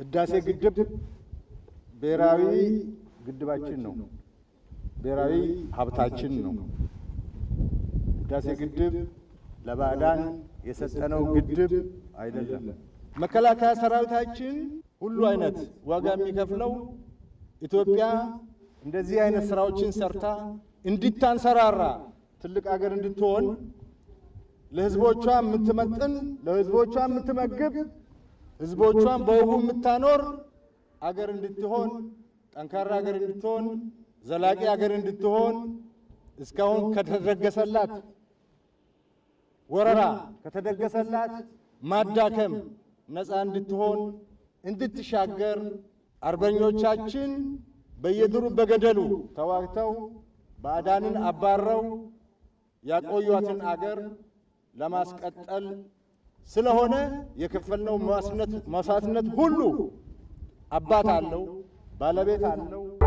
ህዳሴ ግድብ ብሔራዊ ግድባችን ነው፣ ብሔራዊ ሀብታችን ነው። ህዳሴ ግድብ ለባዕዳን የሰጠነው ግድብ አይደለም። መከላከያ ሰራዊታችን ሁሉ አይነት ዋጋ የሚከፍለው ኢትዮጵያ እንደዚህ አይነት ስራዎችን ሰርታ እንድታንሰራራ ትልቅ አገር እንድትሆን ለህዝቦቿ የምትመጥን ለህዝቦቿ የምትመግብ ህዝቦቿን በውቡ የምታኖር አገር እንድትሆን ጠንካራ አገር እንድትሆን ዘላቂ አገር እንድትሆን እስካሁን ከተደገሰላት ወረራ ከተደገሰላት ማዳከም ነፃ እንድትሆን እንድትሻገር አርበኞቻችን በየድሩ በገደሉ ተዋግተው ባዕዳንን አባረው ያቆዩትን አገር ለማስቀጠል ስለሆነ የከፈልነው መስዋዕትነት ሁሉ አባት አለው፣ ባለቤት አለው